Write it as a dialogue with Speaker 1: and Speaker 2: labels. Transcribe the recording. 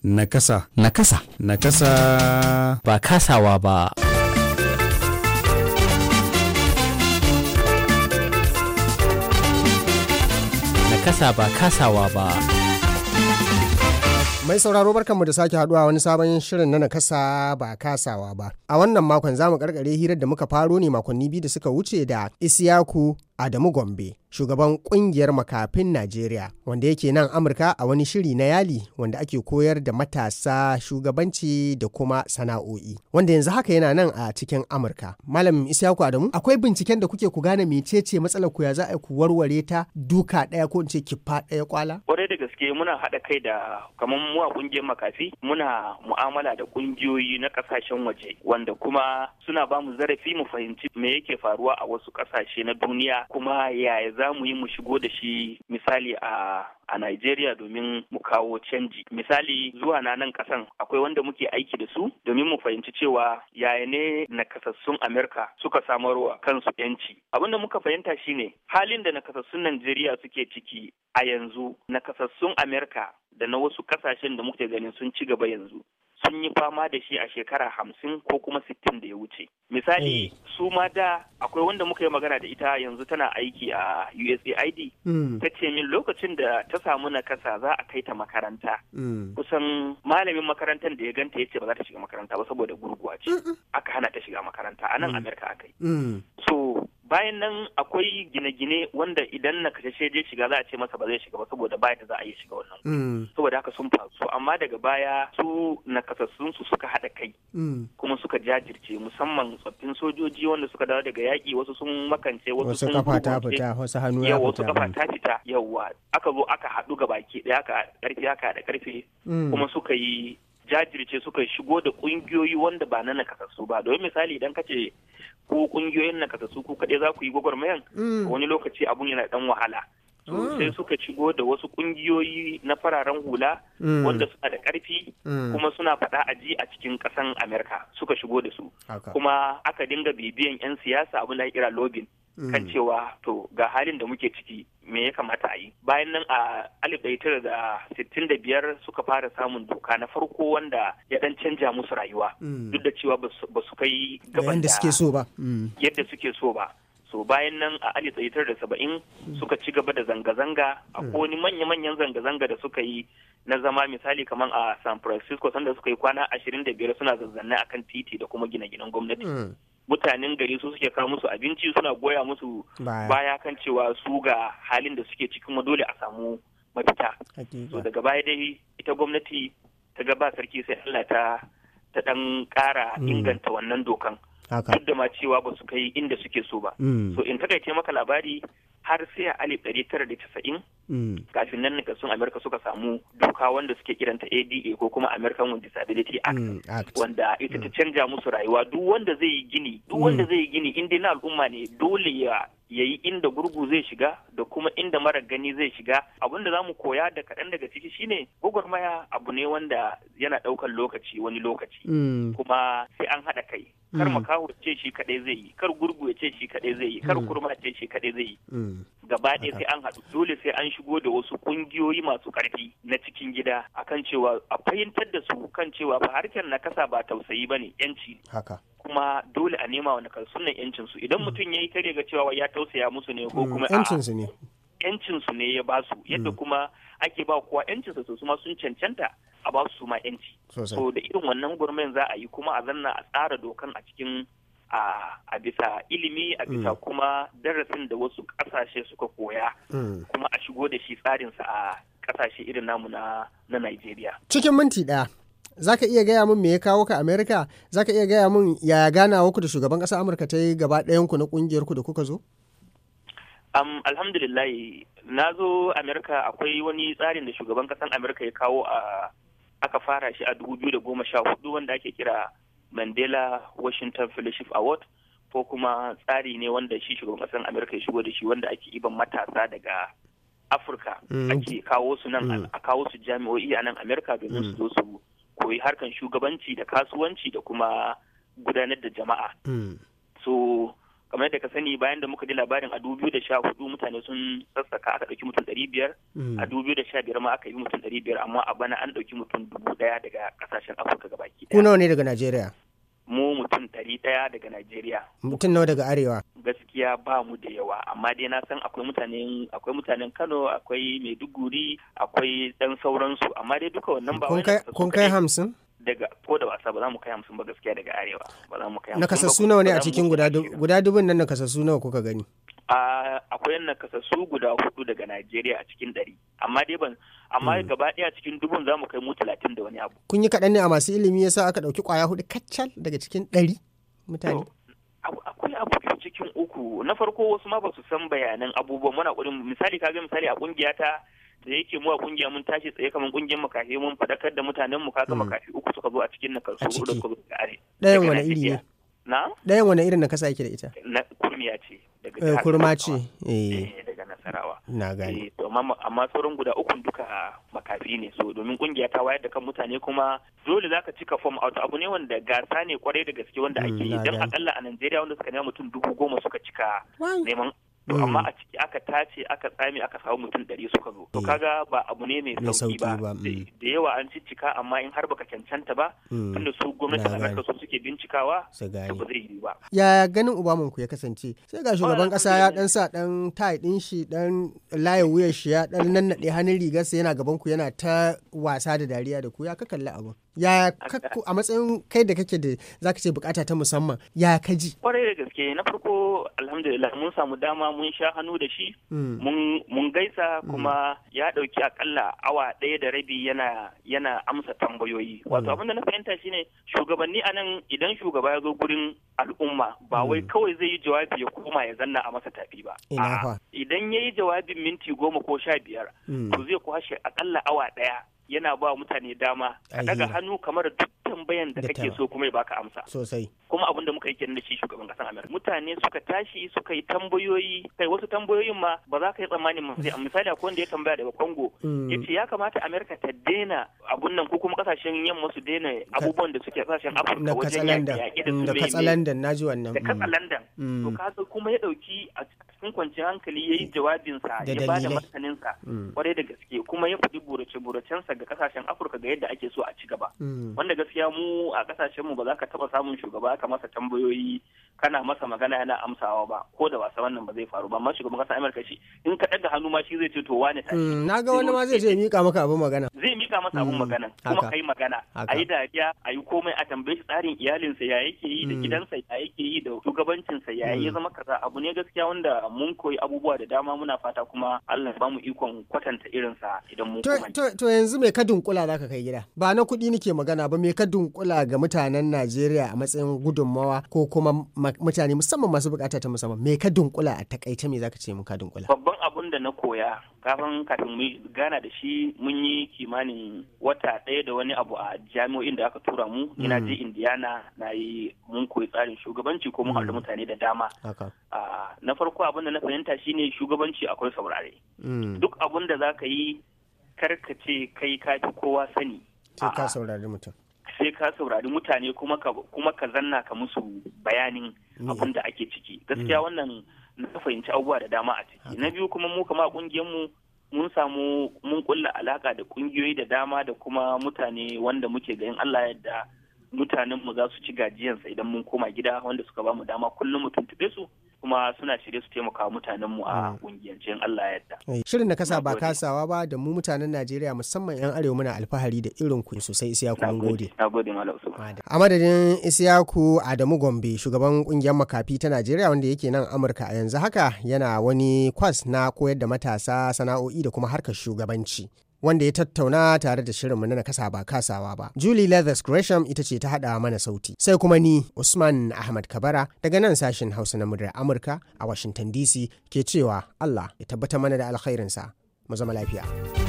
Speaker 1: Nakasa. Nakasa. Nakasa. Ba kasawa ba. Nakasa ba kasawa ba. Mai sauraro barkanmu da sake haduwa wani sabon shirin na nakasa ba kasawa ba. A wannan makon za mu karkare hirar da muka faro ne makonni biyu da suka wuce da Isiyaku Adamu Gombe. shugaban kungiyar makafin Najeriya wanda yake nan Amurka a wani shiri na yali wanda ake koyar da matasa shugabanci da kuma sana'o'i wanda yanzu haka yana nan a cikin Amurka. Malam Isyaku Adamu akwai binciken da kuke ku gane mecece matsalar ku ya za a ku warware ta duka ɗaya ko in ce kifa ɗaya kwala?
Speaker 2: Kwarai da gaske muna haɗa kai da kamar muwa kungiyar makafi muna mu'amala da kungiyoyi na ƙasashen waje wanda kuma suna ba mu zarafi mu fahimci me yake faruwa a wasu ƙasashe na duniya kuma yaya za mu yi mu shigo da shi misali a a Najeriya domin mu kawo canji. Misali zuwa na nan kasan akwai wanda muke aiki da su domin mu fahimci cewa yaya ne nakasassun Amerika suka samarwa kansu yanci. Abinda muka fahimta shine halin da nakasassun Najeriya suke ciki a yanzu nakasassun Amerika da na wasu kasashen da muke ganin sun ci gaba yanzu sun yi fama da shi a shekara hamsin ko kuma sittin da ya wuce misali eh. su ma da akwai wanda muka yi magana da ita yanzu tana aiki a usaid hmm. ta ce min lokacin da ta samu nakasa za a kai ta makaranta hmm. kusan malamin makarantar da ya ganta ya ce ba za ta shiga makaranta ba saboda gurguwa ce aka hana ta shiga makaranta a nan hmm. amerika aka yi so bayan nan akwai gine-gine wanda idan na kashe je shiga za a ce masa ba zai shiga ba saboda ba da za a yi shiga wannan mm. saboda haka sun faru amma daga baya su nakasassun su suka haɗa kai mm. kuma suka jajirce musamman tsoffin sojoji wanda suka dawo daga yaƙi wasu sun makance wasu sun kafa ta fita wasu hannu ya wasu kafa ta fita yawa aka zo aka haɗu gaba baki ɗaya aka ƙarfi aka haɗa ƙarfi mm. kuma suka yi jajirce suka shigo da kungiyoyi wanda ba na nakasassu ba domin misali idan kace ko kungiyoyin nakasassu ku kaɗai za ku yi gwagwarmayan mm. wani lokaci abun yana dan wahala mm. sai suka shigo da wasu kungiyoyi na fararen hula mm. wanda suna da ƙarfi kuma suna faɗa a ji a cikin ƙasan amerika suka shigo da su kuma aka dinga bibiyan 'yan siyasa abin da kira lobin Mm. kan cewa to ga halin da muke ciki me ya kamata a yi bayan nan a alif tara da sittin da biyar suka fara samun doka na farko wanda ya dan canja musu rayuwa mm. duk da cewa ba su kai gaban da mm. yadda suke so ba so bayan nan a alif tara da saba'in suka ci gaba da zanga-zanga a wani manya-manyan zanga-zanga da suka yi na zama misali kamar a san francisco sanda suka yi kwana ashirin da biyar suna zazzanne akan titi da kuma gine-ginen gwamnati mutanen gari su suke kawo musu abinci suna goya musu baya kan cewa su ga halin da suke cikin ma dole a samu mafita so daga baya dai ita gwamnati ta ga ba sarki sai Allah ta ta dan kara mm. inganta wannan dokan duk da ma cewa ba su kai inda suke so ba mm. so in takaice maka labari har sai a alif ɗari tara da casa'in mm. kafin nan sun amerika suka samu doka wanda suke kiranta ada ko kuma american with disability act mm, wanda ita ta mm. canja musu rayuwa duk wanda zai yi gini duk wanda zai yi gini in dai na al'umma ne dole ya ya yi inda gurgu zai shiga da kuma inda mara gani zai shiga abin da za mu koya da kaɗan daga ciki shine gwagwarmaya abu ne wanda yana ɗaukar lokaci wani lokaci mm. kuma sai an haɗa kai kar mm. makaho ce shi kaɗai zai yi kar gurgu ya ce shi kaɗai zai yi kar mm. kurma ce shi kaɗai zai yi gaba ɗaya sai an haɗu dole sai an shigo da wasu ƙungiyoyi masu ƙarfi na cikin gida akan cewa a fahimtar da su kan cewa ba harkar na kasa ba tausayi ba ne yanci haka kuma dole a nema wani nakarsun yancinsu yancin su idan mutum ya yi kare ga cewa ya tausaya musu ne ko mm, kuma yancin su ne ya basu yadda mm. kuma ake ba kowa yancin su su sun cancanta a ba su yanci so da irin wannan gurmen za a yi kuma a zanna a tsara dokan a cikin a bisa ilimi a bisa mm. kuma darasin da wasu kasashe suka koya kuma a shigo da shi tsarinsa a kasashe irin namu na Najeriya.
Speaker 1: Cikin minti ɗaya. zaka ka iya gaya min me ya kawo ka amerika za iya gaya mun yaya ganawa ku da shugaban ƙasar amurka ta yi gaba ɗayan ku na kungiyar ku da kuka zo
Speaker 2: um, alhamdulillah na zo amerika akwai wani tsarin da shugaban ƙasar amerika ya kawo a aka fara shi a hudu wanda ake kira mandela washington fellowship award ko kuma tsari ne wanda shi shugaban ƙasar amerika ya shigo da shi wanda ake iban matasa daga afirka mm. ake kawo su nan mm. a kawo su jami'o'i a nan amerika domin su mm. zo su koyi harkan shugabanci da kasuwanci da kuma gudanar da jama'a. Hmm. So kamar yadda ka sani bayan da muka ji labarin a dubu da sha hudu mutane sun sassaka aka ɗauki mutum dari biyar hmm. a dubu da sha biyar ma aka yi mutum dari biyar amma a bana an ɗauki mutum dubu ɗaya daga ƙasashen afirka gabaki
Speaker 1: ɗaya. ku nawa ne daga najeriya.
Speaker 2: mu mutum dari ɗaya daga najeriya.
Speaker 1: mutum nawa daga arewa.
Speaker 2: gaskiya ba mu da yawa amma dai na san akwai mutanen akwai mutanen Kano akwai Maiduguri akwai dan sauransu amma dai duka wannan ba kun kai hamsin daga ko da wasa ba za mu kai hamsin ba gaskiya daga arewa ba za mu kai hamsin nakasassu nawa ne a cikin
Speaker 1: guda guda dubun nan nakasassu nawa kuka gani
Speaker 2: akwai nakasassu guda hudu daga Najeriya a cikin ɗari amma dai ban amma hmm. gaba a cikin dubun za mu kai mu talatin da wani abu
Speaker 1: kun yi kaɗan ne a masu ilimi yasa aka ɗauki ƙwaya hudu kacal daga cikin dari mutane
Speaker 2: akwai abu cikin uku na farko wasu ma ba su san bayanan abubuwan muna kudin misali ga misali a kungiya ta da yake mu a kungiya mun tashi tsaye kamar kungiyar makafi mun fadakar da mutanen mu kaga hmm. makafi uku suka zo a cikin na kansu da suka zo da are
Speaker 1: dayan wani iri ne na dayan wani irin na kasa yake da ita
Speaker 2: na kurmiya ce daga eh, kurma ce
Speaker 1: eh, eh nasarawa na gani eh,
Speaker 2: amma sauran guda ukun duka ah, makafi ne so domin kungiya ta wayar da kan mutane kuma dole za ka cika form out abu ne wanda gasa ne kwarai da gaske wanda ake mm, yi dan akalla a Najeriya wanda suka nema mutum dubu goma suka cika neman Mm. amma a ciki aka tace aka tsame aka samu mutum ɗari suka zo to eh. kaga ba abu ne mai
Speaker 1: sauki ba mm.
Speaker 2: da yawa an ciccika amma in har baka cancanta ba mm. tunda su gwamnati Amurka su suke bincikawa to ba zai yi ba
Speaker 1: ya ganin ubaman ku ya kasance sai ga shugaban kasa eh. ya dan sa dan tai din shi dan layi wuyar shi ya dan nannade hannun rigarsa yana gaban ku yana ta wasa da dariya da ku ya ka kalli abu. yaya a matsayin kai da kake da zaka ce bukata ta musamman ya ka ji
Speaker 2: kwarai da gaske na farko alhamdulillah mun samu dama mun sha hannu da shi hmm. mun gaisa hmm. kuma ya dauki akalla awa ɗaya da rabi yana amsa tambayoyi hmm. wato abinda da na fahimta shine shugabanni anan idan shugaba ya zo gurin al'umma ba wai kawai zai yi jawabi ya koma ya zanna a masa tafi ba idan ya yi jawabin minti goma ko sha biyar to zai kwashe akalla awa ɗaya yana ba mutane dama A daga hannu kamar duk tambayan da kake so kuma ya baka amsa sosai kuma abin da muka yi kenan da shi shugaban kasar Amerika mutane suka tashi suka yi tambayoyi kai wasu tambayoyin ma ba za ka yi tsammanin mu sai misali akwai wanda ya tambaya daga Congo mm. yace ya kamata Amerika ta daina abun nan ko kuma kasashen yamma su daina abubuwan da suke kasashen Afirka wajen yaƙi da su mm, da katsalandan
Speaker 1: naji wannan da mm. katsalandan
Speaker 2: to kaga kuma ya dauki a cikin kwanciyar hankali yi jawabinsa ya da martaninsa kwarai da gaske kuma ya faɗi burace-buracensa daga kasashen afirka ga yadda ake so a ci gaba hmm. wanda gaskiya mu a kasashen mu ba za ka taba samun shugaba ka masa tambayoyi kana masa magana yana amsawa ba ko da wasa wannan ba zai faru ba amma shugaban kasar Amurka shi in ka daga hannu ma shi zai ce to wani tashi hmm, na ga wani ma zai ce
Speaker 1: mika maka abin magana zai
Speaker 2: mika masa abin hmm, magana kuma kai magana a yi dariya a yi komai a tambaye shi tsarin iyalinsa ya yake yi da hmm. gidansa ya yake yi da shugabancinsa ya yi zama kaza abu ne gaskiya wanda mun koyi abubuwa da dama muna fata kuma Allah ba mu ikon kwatanta irinsa idan
Speaker 1: mu to to yanzu me ka dunkula zaka kai gida ba na kuɗi nake magana ba me ka dunkula ga mutanen Najeriya a matsayin gudunmawa ko kuma mutane musamman masu bukata ta musamman me ka dunkula a takaice me zaka ce mun ka dunkula babban
Speaker 2: abun da na koya kafin kafin mu gana da shi mun yi kimanin wata ɗaya da wani abu a jami'o'in da aka tura mu mm. ina je Indiana na yi mun koyi tsarin shugabanci ko mun mm. haɗu mutane da dama na farko abin da na fahimta shine shugabanci akwai saurare mm. duk abun da zaka yi kar ka ce kai ka fi kowa sani
Speaker 1: sai ka saurari mutum
Speaker 2: sai ka saurari mutane kuma ka zanna ka musu bayanin abin da ake ciki mm. gaskiya wannan na fahimci abubuwa da dama a ciki na biyu kuma mu kama kungiyar mu mun samu mun kulla alaka da kungiyoyi da dama da kuma mutane wanda muke ga yin Allah yadda mutanenmu mu za su ci gajiyansa idan mun koma gida wanda suka ba mu dama kullum mu tuntube su kuma suna shirye su taimaka mutanen mu a kungiyance mm. Allah ya yarda.
Speaker 1: Eh, shirin da kasa ba kasawa ba da mu mutanen Najeriya musamman yan arewa muna alfahari da irin ku sosai Isiyaku mun gode. Nagode Malam A madadin Isiyaku Adamu Gombe shugaban kungiyar makafi ta Najeriya wanda yake nan Amurka a yanzu haka yana wani kwas na koyar da matasa sana'o'i da kuma harkar shugabanci. wanda ya tattauna tare da shirinmu na kasa ba kasawa ba. Julie Leathers Gresham ita ce ta haɗa mana sauti. Sai kuma ni Usman Ahmad Kabara daga nan sashen Hausa na muryar Amurka a Washington DC ke cewa Allah ya tabbata mana da alkhairinsa. Mu zama lafiya.